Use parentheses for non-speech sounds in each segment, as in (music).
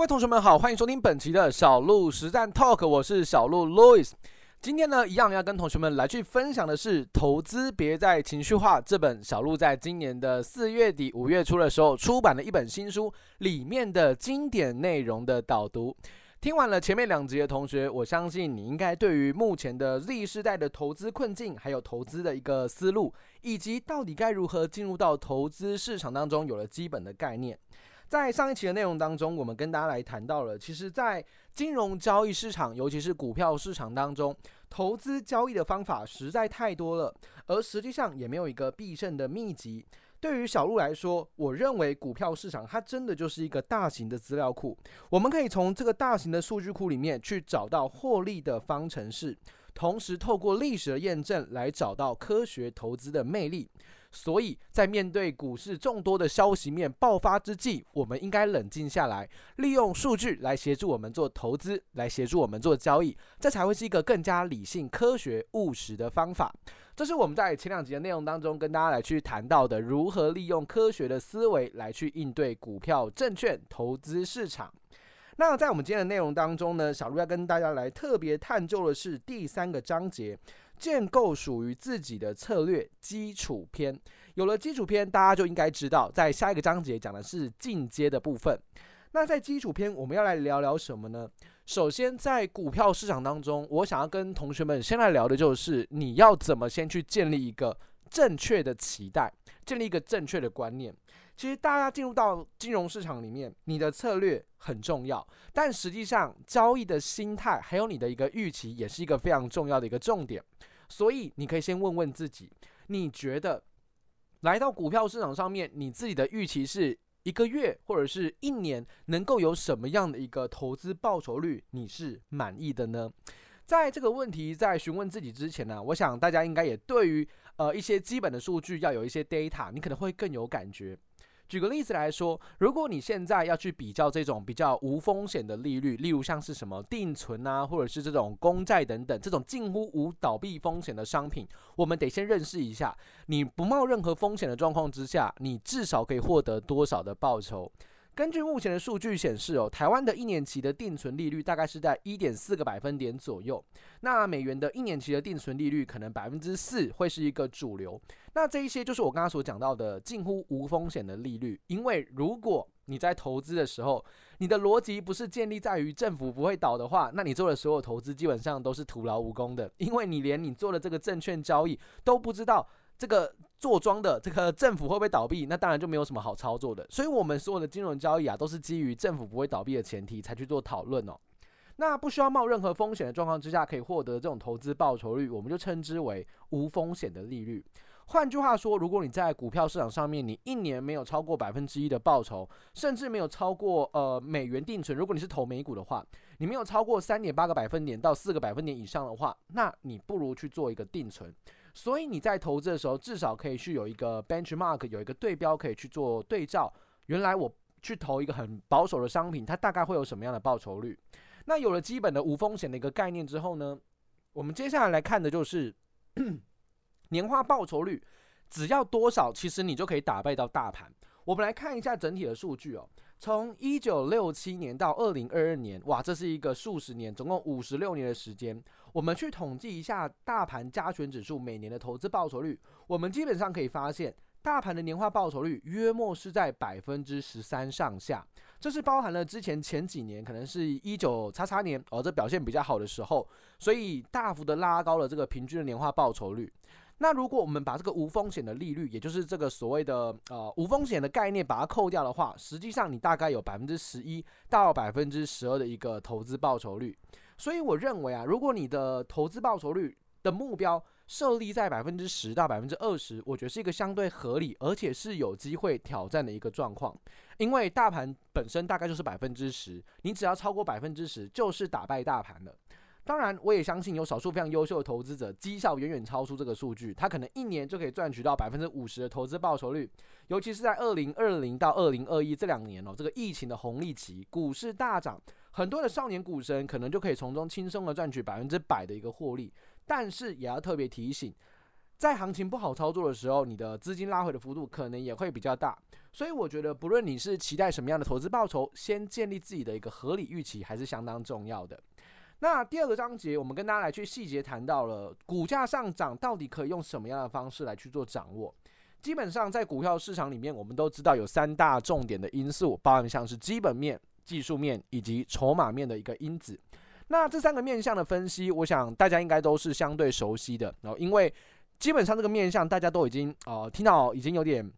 各位同學們好，歡迎收聽本期的小鹿實戰 Talk，我是小鹿 Louis。今天呢，一樣要跟同學們來去分享的是《投資別再情緒化》這本小鹿在今年的四月底五月初的時候出版了一本新書裡面的經典內容的導讀。聽完了前面兩集的同學，我相信你應該對於目前的 Z 世代的投資困境，還有投資的一個思路，以及到底該如何進入到投資市場當中，有了基本的概念。在上一期的內容當中，我們跟大家來談到了，其實，在金融交易市場，尤其是股票市場當中，投資交易的方法實在太多了，而實際上也沒有一個必勝的秘籍。對於小鹿來說，我認為股票市場它真的就是一個大型的資料庫，我們可以從這個大型的數據庫裡面去找到獲利的方程式，同時透過歷史的驗證來找到科學投資的魅力。所以在面對股市眾多的消息面爆發之際，我們應該冷靜下來，利用數據來協助我們做投資，來協助我們做交易，這才會是一個更加理性、科學、務實的方法。這是我們在前兩集的內容當中跟大家來去談到的，如何利用科學的思維來去應對股票、證券投資市場。那在我們今天的內容當中呢，小路要跟大家來特別探究的是第三個章節。建構屬於自己的策略基礎篇，有了基礎篇，大家就應該知道，在下一個章節講的是進階的部分。那在基礎篇，我們要來聊聊什麼呢？首先，在股票市場當中，我想要跟同學們先來聊的就是你要怎麼先去建立一個正確的期待，建立一個正確的觀念。其實，大家進入到金融市場裡面，你的策略很重要，但實際上，交易的心態還有你的一個預期，也是一個非常重要的一個重點。所以，你可以先問問自己，你覺得來到股票市場上面，你自己的預期是一個月或者是一年能夠有什麼樣的一個投資報酬率，你是滿意的呢？在這個問題在詢問自己之前呢，啊，我想大家應該也對於呃一些基本的數據要有一些 data，你可能會更有感覺。舉個例子來說，如果你現在要去比較這種比較無風險的利率，例如像是什麼定存啊，或者是這種公債等等，這種近乎無倒閉風險的商品，我們得先認識一下，你不冒任何風險的狀況之下，你至少可以獲得多少的報酬。根據目前的數據顯示哦，台灣的一年期的定存利率大概是在一點四個百分點左右。那美元的一年期的定存利率可能百分之四會是一個主流。那這一些就是我剛剛所講到的近乎無風險的利率。因為如果你在投資的時候，你的邏輯不是建立在於政府不會倒的話，那你做的所有投資基本上都是徒勞無功的，因為你連你做的這個證券交易都不知道。這個坐莊的這個政府會不會倒閉？那當然就沒有什麼好操作的。所以，我們所有的金融交易啊，都是基於政府不會倒閉的前提才去做討論哦。那不需要冒任何風險的狀況之下，可以獲得這種投資報酬率，我們就稱之為無風險的利率。換句話說，如果你在股票市場上面，你一年沒有超過百分之一的報酬，甚至沒有超過，呃，美元定存，如果你是投美股的話，你沒有超過三點八個百分點到四個百分點以上的話，那你不如去做一個定存。所以你在投資的時候，至少可以去有一個 benchmark，有一個對標可以去做對照。原來我去投一個很保守的商品，它大概會有什麼樣的報酬率？那有了基本的無風險的一個概念之後呢，我們接下來來看的就是 (coughs) 年化報酬率，只要多少，其實你就可以打敗到大盤。我們來看一下整體的數據哦。從一九六七年到二零二二年，哇，這是一個數十年，總共五十六年的時間。我們去統計一下大盤加權指數每年的投資報酬率，我們基本上可以發現，大盤的年化報酬率約莫是在百分之十三上下。這是包含了之前前幾年，可能是一九叉叉年哦，這表現比較好的時候，所以大幅的拉高了這個平均的年化報酬率。那如果我們把這個無風險的利率，也就是這個所謂的呃無風險的概念，把它扣掉的話，實際上你大概有百分之十一到百分之十二的一個投資報酬率。所以我認為啊，如果你的投資報酬率的目標設立在百分之十到百分之二十，我覺得是一個相對合理，而且是有機會挑戰的一個狀況。因為大盤本身大概就是百分之十，你只要超過百分之十，就是打敗大盤的。當然，我也相信有少數非常優秀的投資者，績效遠遠超出這個數據。他可能一年就可以賺取到百分之五十的投資報酬率。尤其是在二零二零到二零二一這兩年哦，這個疫情的紅利期，股市大漲，很多的少年股神可能就可以從中輕鬆的賺取百分之百的一個獲利。但是也要特別提醒，在行情不好操作的時候，你的資金拉回的幅度可能也會比較大。所以我覺得，不論你是期待什麼樣的投資報酬，先建立自己的一個合理預期，還是相當重要的。那第二個章節，我們跟大家來去細節談到了股價上漲到底可以用什麼樣的方式來去做掌握。基本上在股票市場裡面，我們都知道有三大重點的因素，包含像是基本面、技術面以及籌碼面的一個因子。那這三個面向的分析，我想大家應該都是相對熟悉的。然後，因為基本上這個面向大家都已經呃聽到已經有點。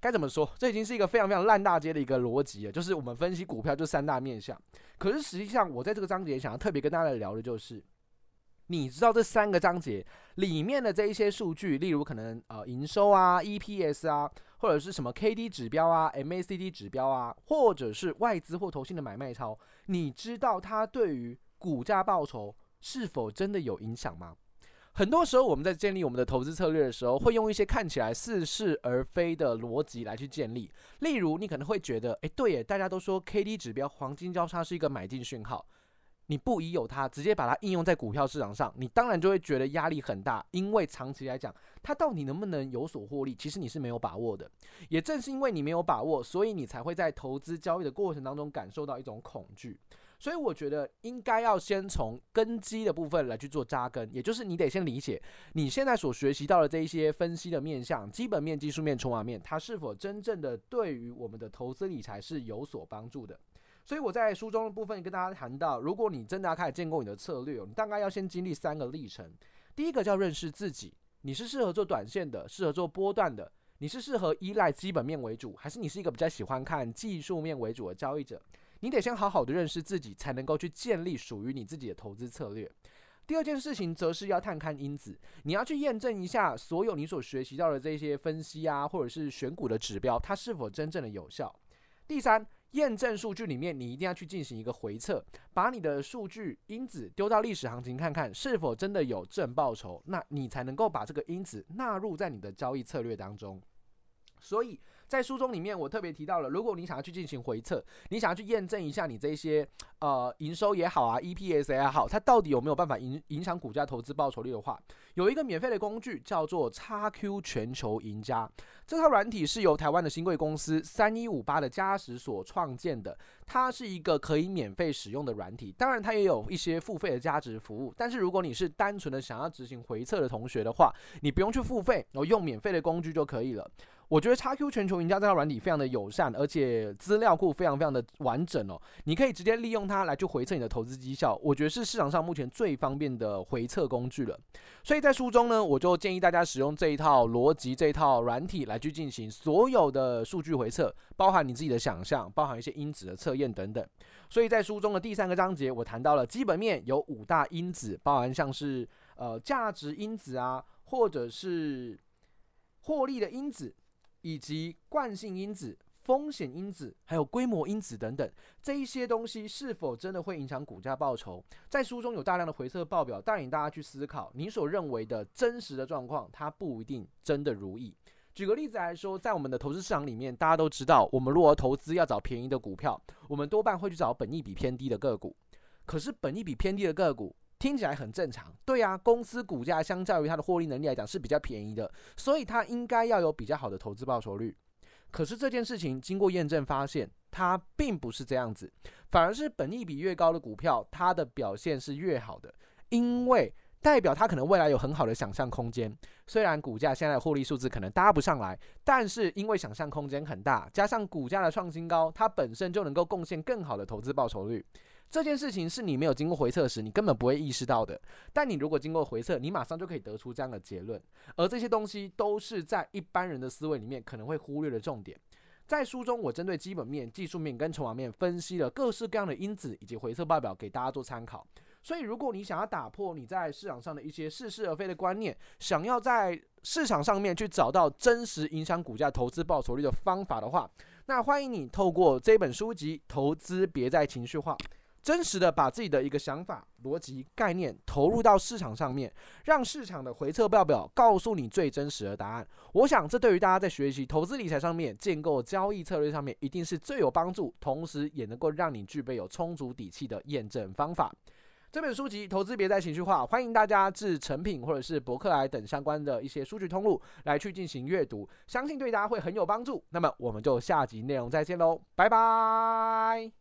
該怎麼說？這已經是一個非常非常爛大街的一個邏輯了，就是我們分析股票這三大面向。可是實際上，我在這個章節想要特別跟大家來聊的就是，你知道這三個章節裡面的這一些數據，例如可能呃營收啊、EPS 啊，或者是什麼 KD 指標啊、MACD 指標啊，或者是外資或投信的買賣超，你知道它對於股價報酬是否真的有影響嗎？很多時候，我們在建立我們的投資策略的時候，會用一些看起來似是而非的邏輯來去建立。例如，你可能會覺得，哎，對耶，大家都說 KD 指標黃金交叉是一個買進訊號，你不疑有他，直接把它應用在股票市場上，你當然就會覺得壓力很大，因為長期來講，它到底能不能有所獲利，其實你是沒有把握的。也正是因為你沒有把握，所以你才會在投資交易的過程當中感受到一種恐懼。所以我覺得應該要先從根基的部分來去做紮根，也就是你得先理解你現在所學習到的這一些分析的面向、基本面、技術面、籌碼面，它是否真正的對於我們的投資理財是有所幫助的。所以我在書中的部分跟大家談到，如果你真的要開始建構你的策略，你大概要先經歷三個歷程。第一個叫認識自己，你是適合做短線的，適合做波段的，你是適合依賴基本面為主，還是你是一個比較喜歡看技術面為主的交易者？你得先好好的認識自己，才能夠去建立屬於你自己的投資策略。第二件事情則是要探勘因子，你要去驗證一下所有你所學習到的這些分析啊，或者是選股的指標，它是否真正的有效。第三，驗證數據裡面，你一定要去進行一個回測，把你的數據因子丟到歷史行情看看，是否真的有正報酬？那你才能夠把這個因子納入在你的交易策略當中。所以在書中裡面，我特別提到了，如果你想要去進行回測，你想要去驗證一下你這些呃營收也好啊，EPS 也好，它到底有沒有辦法影影響股價投資報酬率的話，有一個免費的工具叫做 XQ 全球贏家，這套軟體是由台灣的興櫃公司三一五八的嘉實所創建的，它是一個可以免費使用的軟體，當然它也有一些付費的價值服務，但是如果你是單純的想要執行回測的同學的話，你不用去付費，我用免費的工具就可以了。我覺得 XQ 全球贏家這套軟體非常的友善，而且資料庫非常非常的完整哦。你可以直接利用它來去回測你的投資績效，我覺得是市場上目前最方便的回測工具了。所以在書中呢，我就建議大家使用這一套邏輯、這一套軟體來去進行所有的數據回測，包含你自己的想象，包含一些因子的測驗等等。所以在書中的第三個章節，我談到了基本面有五大因子，包含像是呃價值因子啊，或者是獲利的因子。以及慣性因子、風險因子，還有規模因子等等，這一些東西是否真的會影響股價報酬？在書中有大量的回測報表，帶領大家去思考，你所認為的真實的狀況，它不一定真的如意。舉個例子來說，在我們的投資市場裡面，大家都知道，我們如果投資要找便宜的股票，我們多半會去找本益比偏低的個股。可是本益比偏低的個股，聽起來很正常，對啊，公司股價相較於它的獲利能力來講是比較便宜的，所以它應該要有比較好的投資報酬率。可是這件事情經過驗證發現，它並不是這樣子，反而是本益比越高的股票，它的表現是越好的，因為代表它可能未來有很好的想象空間。雖然股價現在的獲利數字可能搭不上來，但是因為想象空間很大，加上股價的創新高，它本身就能夠貢獻更好的投資報酬率。這件事情是你沒有經過回測時，你根本不會意識到的。但你如果經過回測，你馬上就可以得出這樣的結論。而這些東西都是在一般人的思維裡面可能會忽略的重點。在書中，我針對基本面、技術面跟籌碼面分析了各式各樣的因子以及回測報表，給大家做參考。所以，如果你想要打破你在市場上的一些似是而非的觀念，想要在市場上面去找到真實影響股價投資報酬率的方法的話，那歡迎你透過這本書籍《投資別再情緒化》。真實的把自己的一個想法、邏輯、概念投入到市場上面，讓市場的回測報表告訴你最真實的答案。我想，這對於大家在學習投資理財上面、建構交易策略上面，一定是最有幫助，同時也能夠讓你具備有充足底氣的驗證方法。這本書籍《投資別再情緒化》，歡迎大家至誠品或者是博客來等相關的一些數據通路來去進行閱讀，相信對大家會很有幫助。那麼，我們就下集內容再見嘍，拜拜。